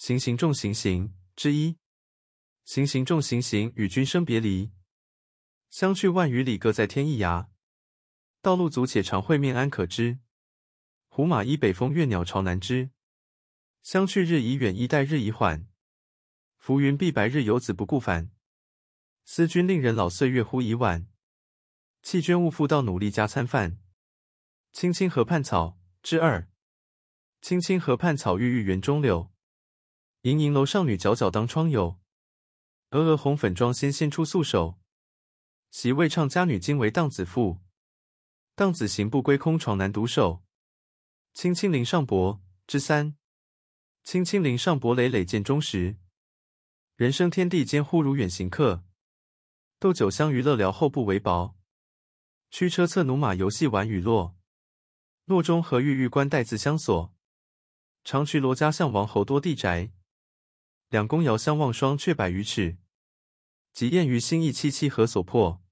行行重行行之一，行行重行行與君生別離，相去萬餘里，各在天一涯。道路阻且長，會面安可知？胡馬依北風，越鳥巢南枝。相去日已遠，衣帶日已緩。浮雲蔽白日，遊子不顧返。思君令人老，歲月忽已晚。棄捐勿復道，努力加餐飯。青青河畔草之二，青青河畔草，鬱鬱園中柳。盈盈樓上女，皎皎當窗牖。娥娥紅粉妝，纖纖出素手。昔為倡家女，今為蕩子婦。蕩子行不歸，空床難獨守。青青陵上柏之三。青青陵上柏，磊磊澗中石。人生天地間，忽如遠行客。斗酒相娛樂，聊厚不為薄。驅車策駑馬，遊戲宛與洛。洛中何鬱鬱，冠帶自相索。長衢羅夾巷，王侯多第宅。兩宮遙相望，雙闕百餘尺。極宴娛心意，戚戚何所迫？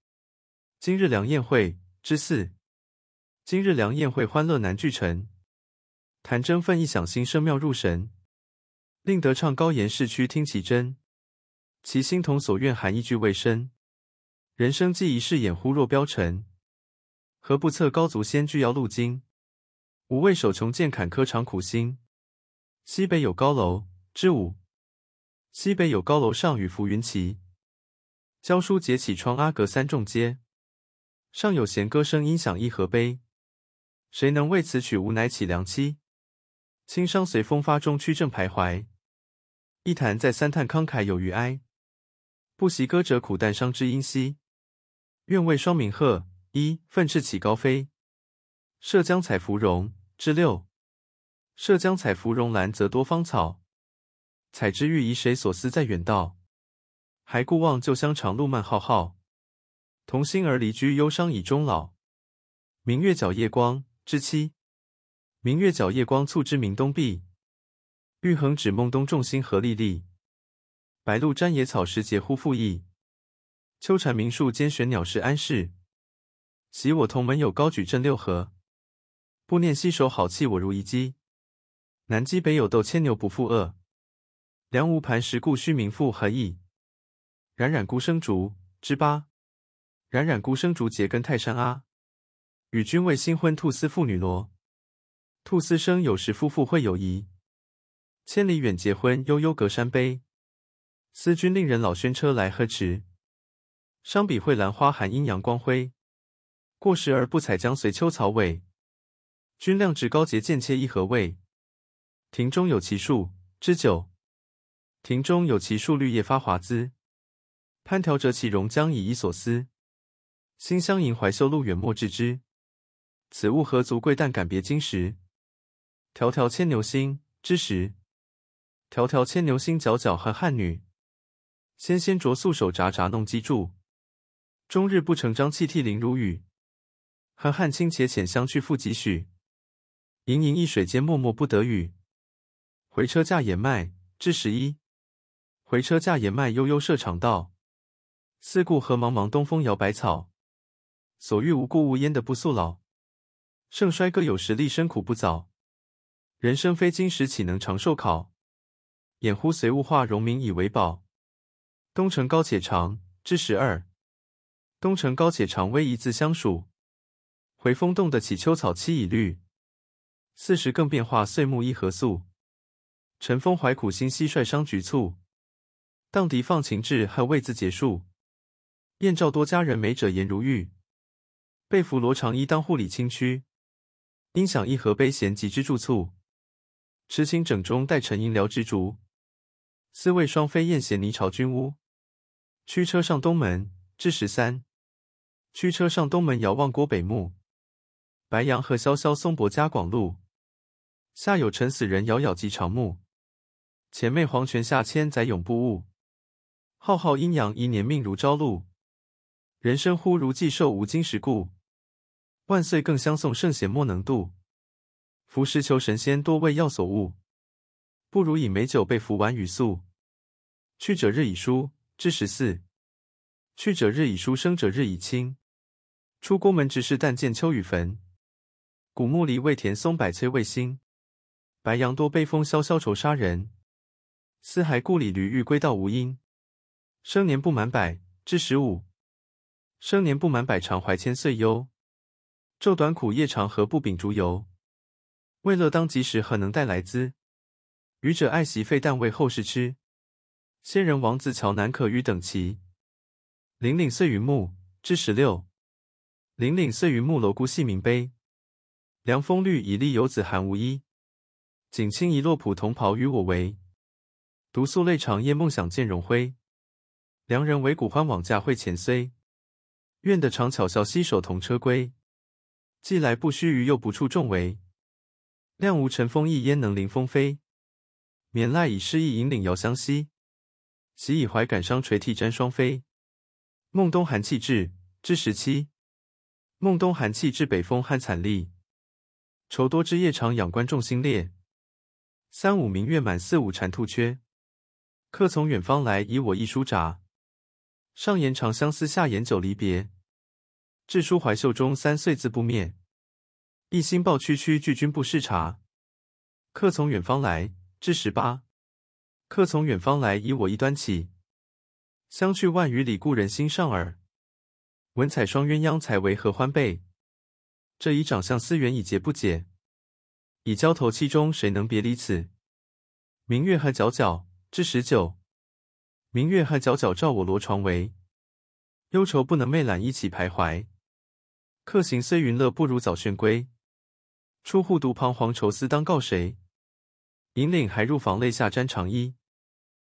今日良宴會之四，今日良宴會，歡樂難具陳。彈箏奮逸響，新聲妙入神。令德唱高言，識曲聽其真。齊心同所願，含意俱未申。人生寄一世，奄忽若飆塵。何不策高足，先據要路津？無為守窮賤，轗軻長苦辛。西北有高樓之五。西北有高樓，上與浮雲齊。交疏結綺窗，阿閣三重階。上有弦歌聲，音響一何悲！誰能為此曲？無乃杞梁妻。清商隨風發，中曲正徘徊。一彈再三歎，慷慨有餘哀。不惜歌者苦，但傷知音稀。願為雙鳴鶴，一奮翅起高飛。涉江采芙蓉，之六。涉江采芙蓉，蘭澤多芳草。采之欲遺誰？所思在遠道。還顧望舊鄉，長路漫浩浩。同心而離居，憂傷以終老。明月皎夜光，之七。明月皎夜光，促織鳴東壁。玉衡指孟冬，眾星何歷歷。白露沾野草，時節忽復易。秋蟬鳴樹間，玄鳥逝安適。昔我同門友，高舉振六翮。不念攜手好，棄我如遺跡。南箕北有斗，牽牛不負軛。良無盤石固，虛名復何益？冉冉孤生竹之八，冉冉孤生竹結根泰山阿。與君為新婚，兔絲附女蘿。兔絲生有時，夫婦會有宜。千里遠結婚，悠悠隔山陂。思君令人老，軒車來何遲？傷彼蕙蘭花，含英揚光輝。過時而不采，將隨秋草萎。君亮執高節，賤妾亦何為？庭中有奇樹之九。之九庭中有奇樹，綠葉發華滋，攀條折其榮，將以遺所思。馨香盈懷袖，路遠莫致之。此物何足貴，但感別經時。迢迢牽牛星，之十。迢迢牽牛星，皎皎河漢女。纖纖擢素手，札札弄機杼。終日不成章，泣涕零如雨。河漢清且淺，相去復幾許？盈盈一水間，脈脈不得語。迴車駕言邁，之十一。回車駕言邁，悠悠涉長道。四顧何茫茫，東風搖百草。所遇無故物，焉得不速老？盛衰各有時，立身苦不早。人生非金石，豈能長壽考？奄忽隨物化，榮名以為寶。東城高且長，之十二。東城高且長，逶迤自相屬。回風動地起，秋草萋已綠。四時更變化，歲暮一何速。晨風懷苦心，蟋蟀傷局促。蕩滌放情志，何為自結束。燕趙多佳人，美者顏如玉。被服羅裳衣，當戶理清曲。音響一何悲，絃急知柱促。馳情整中帶，沉吟聊躑躅。思為雙飛燕，銜泥巢君屋。驅車上東門，之十三。驅車上東門，遙望郭北墓。白楊何蕭蕭，松柏夾廣路。下有陳死人，杳杳即長暮。潛寐黃泉下，千載永不寤。浩浩陰陽移，年命如朝露，人生忽如寄，壽無金石固。萬歲更相送，聖賢莫能度，服食求神仙，多為藥所誤，不如飲美酒，被服紈與素。去者日以疏，之十四，去者日以疏，生者日以親。出郭門直視，但見丘與墳，古墓犁為田，松柏摧為薪。白楊多悲風，蕭蕭愁殺人，思還故里閭，欲歸道無因。生年不滿百，之十五。生年不滿百，常懷千歲憂。晝短苦夜長，何不秉燭遊？為樂當及時帶，何能待來茲？愚者愛惜費，但為後世嗤。仙人王子喬，難可與等期。凜凜歲云暮，之十六。凜凜歲云暮，螻蛄夕鳴悲。涼風率已厲，遊子寒無衣。錦衾遺洛浦，同袍與我違。獨宿累長夜，夢想見容輝。良人惟古歡，枉駕惠前綏，願得常巧笑，攜手同車歸。既來不須臾，又不處重闈。亮無晨風翼，焉能凌風飛？眄睞以適意，引領遙相睎，徙倚懷感傷，垂涕沾雙扉。孟冬寒氣至，之十七。孟冬寒氣至，北風何慘慄。愁多知夜長，仰觀眾星列。三五明月滿，四五蟾兔缺。客從遠方來，遺我一書札。上言長相思，下言久離別。置書懷袖中，三歲字不滅，一心抱區區，懼君不識察。客從遠方來，之十八。客從遠方來，遺我一端綺。相去萬餘里，故人心尚爾。文彩雙鴛鴦，鴦，裁為合歡被。著以長相思，緣以結不解。以膠投漆中，誰能別離此。明月何皎皎，之十九。明月何皎皎，照我羅床帷，憂愁不能寐，攬衣起徘徊。客行雖云樂，不如早旋歸。出戶獨彷徨，愁思當告誰？引領還入房，淚下沾裳衣。